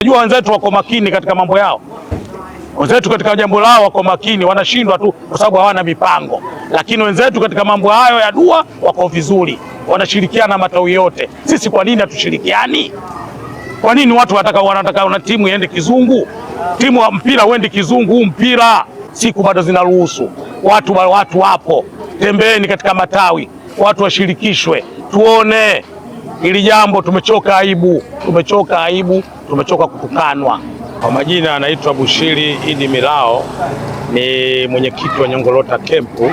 mechi yetu tuimalize mapema. wenzetu wako makini katika mambo yao, wenzetu katika jambo lao wako makini, wanashindwa tu kwa sababu hawana mipango, lakini wenzetu katika mambo hayo ya dua wako vizuri, wanashirikiana matawi yote. Sisi kwa nini hatushirikiani? Kwa nini watu wanataka wanataka na timu iende kizungu, timu wa mpira uende kizungu? Huu mpira siku bado zinaruhusu watu, watu wapo, tembeeni katika matawi, watu washirikishwe, tuone Hili jambo tumechoka aibu, tumechoka aibu, tumechoka kutukanwa. Kwa majina anaitwa Bushiri Idi Milao, ni mwenyekiti wa Nyongolota Kempu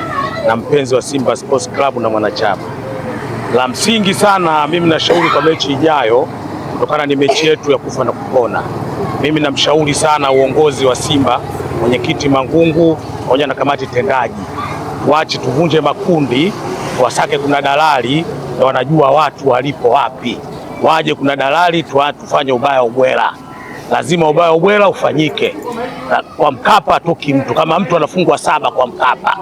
na mpenzi wa Simba Sports Club na mwanachama. La msingi sana, mimi nashauri kwa mechi ijayo, kutokana ni mechi yetu ya kufa na kupona, mimi namshauri sana uongozi wa Simba, mwenyekiti Mangungu pamoja na kamati tendaji, tuache tuvunje makundi, wasake kuna dalali na wanajua watu walipo wapi, waje. Kuna dalali ah, tufanye ubaya ugwela. lazima ubaya ugwela ufanyike kwa Mkapa toki mtu kama mtu anafungwa saba kwa Mkapa,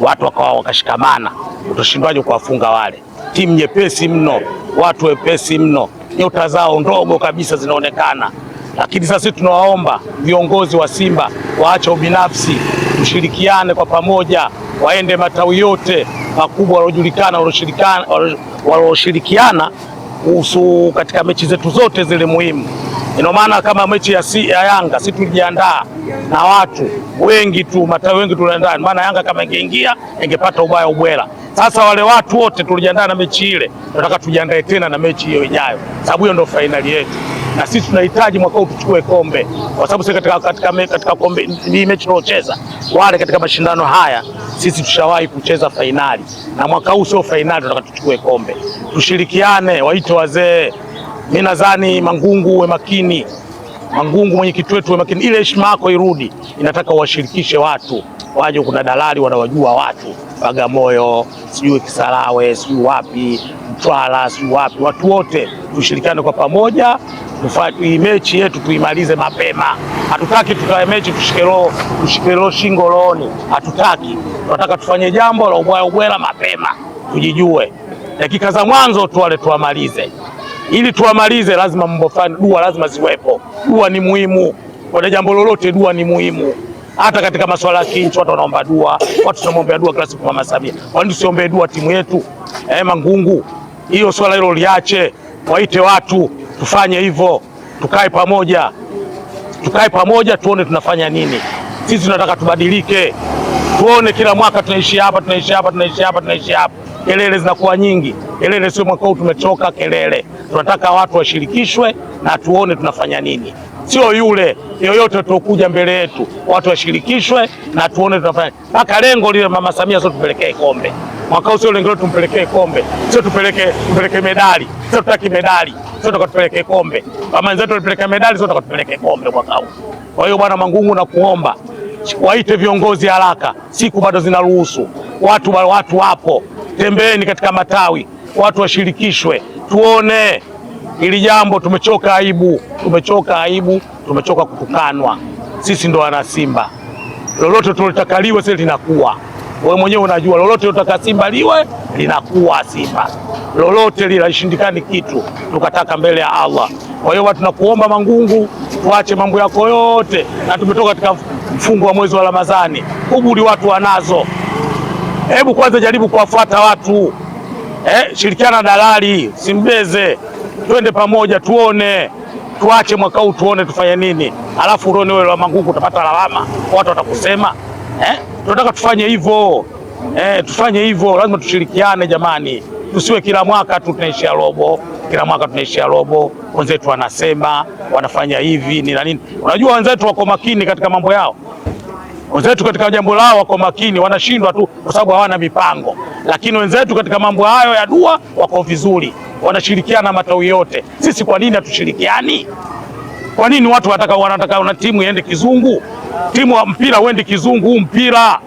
watu wakawa wakashikamana, utashindwaje kuwafunga wale? Timu nyepesi mno, watu wepesi mno, nyota zao ndogo kabisa zinaonekana. Lakini sasa tunawaomba viongozi wa Simba waache ubinafsi, tushirikiane kwa pamoja, waende matawi yote wakubwa waliojulikana walioshirikiana kuhusu katika mechi zetu zote zile muhimu ino maana kama mechi ya, si, ya Yanga si tulijiandaa na watu wengi tu, matawi wengi tuliandaa. Maana Yanga kama ingeingia ingepata ubaya ubwela. Sasa wale watu wote tulijiandaa na mechi ile, tunataka tujiandae tena na mechi hiyo ijayo, sababu hiyo ndio fainali yetu na sisi tunahitaji mwaka huu tuchukue kombe, kwa sababu sisi katika, katika, katika kombe hii mechi tunaocheza wale katika mashindano haya sisi tushawahi kucheza fainali, na mwaka huu sio fainali, tunataka tuchukue kombe. Tushirikiane, waite wazee mimi nadhani Mangungu, uwe makini Mangungu, mwenyekiti wetu, uwe makini. Ile heshima yako irudi, inataka uwashirikishe watu waje. Kuna dalali wanawajua watu Bagamoyo, sijui Kisarawe, sijui wapi, Mtwara, sijui wapi. Watu wote tushirikiane kwa pamoja, tufanye mechi yetu tuimalize mapema. Hatutaki tukae mechi tushikelo roho shingo looni, hatutaki. Tunataka tufanye jambo la ubwaya ubwela mapema, tujijue dakika za mwanzo tu wale tuwamalize ili tuwamalize, lazima mambo fulani, dua lazima ziwepo. Dua ni muhimu kwenye jambo lolote, dua ni muhimu hata katika masuala ya kinchi, watu wanaomba dua, watu tunaombea dua kila siku. Mama Samia, kwani tusiombee dua timu yetu? Eh, Mangungu, hiyo swala hilo liache, waite watu tufanye hivyo, tukae pamoja, tukae pamoja, tuone tunafanya nini. Sisi tunataka tubadilike tuone kila mwaka tunaishi hapa, tunaishi hapa, tunaishi hapa, tunaishi hapa, kelele zinakuwa nyingi. Kelele sio, mwaka huu tumechoka kelele. Tunataka watu washirikishwe na tuone tunafanya nini, sio yule yoyote utaokuja mbele yetu. Watu washirikishwe na tuone tunafanya mpaka lengo lile. Mama Samia sio tupelekee kombe mwaka huu, sio lengo letu tumpelekee kombe, sio tupelekee tupelekee medali, sio tutaki medali, sio tukatupelekee kombe. Mama wenzetu walipeleka medali, sio tukatupelekee kombe mwaka huu. Kwa hiyo Bwana Mangungu, nakuomba waite viongozi haraka, siku bado zinaruhusu. Watu watu wapo, tembeeni katika matawi, watu washirikishwe, tuone hili jambo. Tumechoka aibu, tumechoka aibu, tumechoka kutukanwa. Sisi ndo wana Simba, lolote tulitakaliwe liwe sisi linakuwa wewe mwenyewe unajua, lolote utaka Simba liwe linakuwa Simba, lolote lilashindikani kitu tukataka mbele ya Allah. Kwa hiyo watu, nakuomba Mangungu, tuache mambo yako yote, na tumetoka katika mfungo wa mwezi wa Ramadhani. Kuburi watu wanazo, hebu kwanza jaribu kuwafuata watu eh, shirikiana dalali, simbeze, twende pamoja, tuone tuache mwaka huu tuone tufanye nini, alafu uone wewe lawama utapata lawama, watu watakusema eh? Tunataka tufanye hivyo eh, tufanye hivyo, lazima tushirikiane jamani, tusiwe kila mwaka tu tunaishia robo kila mwaka tunaishia robo, wenzetu wanasema wanafanya hivi ni na nini. Unajua wenzetu wako makini katika mambo yao, wenzetu katika jambo lao wako makini, wanashindwa tu kwa sababu hawana mipango. Lakini wenzetu katika mambo hayo ya dua wako vizuri, wanashirikiana matawi yote. Sisi kwa nini hatushirikiani? Kwa nini watu wataka wanataka na timu iende kizungu, timu ya mpira uende kizungu? Huu mpira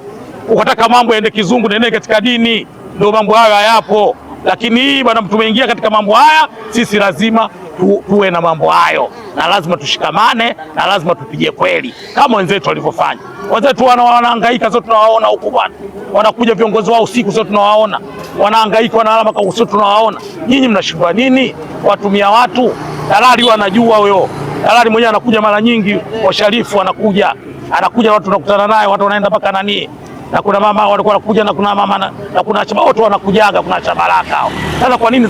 ukataka mambo yaende kizungu, nene katika dini, ndio mambo hayo hayapo lakini hii bwana, tumeingia katika mambo haya, sisi lazima tu, tuwe na mambo hayo, na lazima tushikamane, na lazima tupige kweli kama wenzetu walivyofanya. Wenzetu wanahangaika, sote tunawaona huko bwana, wanakuja viongozi wao usiku, sote tunawaona wanahangaika, wanalala kwa usiku, tunawaona. Nyinyi mnashindwa nini? Watumia watu dalali, wanajua huyo dalali mwenyewe anakuja mara nyingi, washarifu anakuja anakuja, watu nakutana naye, watu wanaenda mpaka nani na kuna mama walikuwa wanakuja na kuna mama na kuna chabaoto wanakujaga kuna chabaraka hao. Sasa kwa nini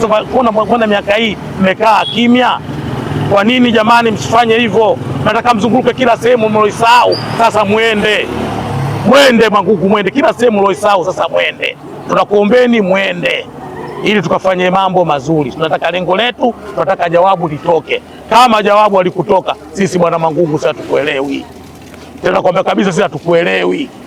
kwenda miaka hii mmekaa kimya? Kwa nini jamani, msifanye hivyo? Nataka mzunguke kila sehemu mloisahau. Sasa mwende mwende mangugu mwende kila sehemu mloisahau. Sasa mwende, tunakuombeni mwende ili tukafanye mambo mazuri. Tunataka lengo letu, tunataka jawabu litoke. Kama jawabu alikutoka sisi, bwana Mwanguku, sasa hatukuelewi tena, kwamba kabisa sisi hatukuelewi.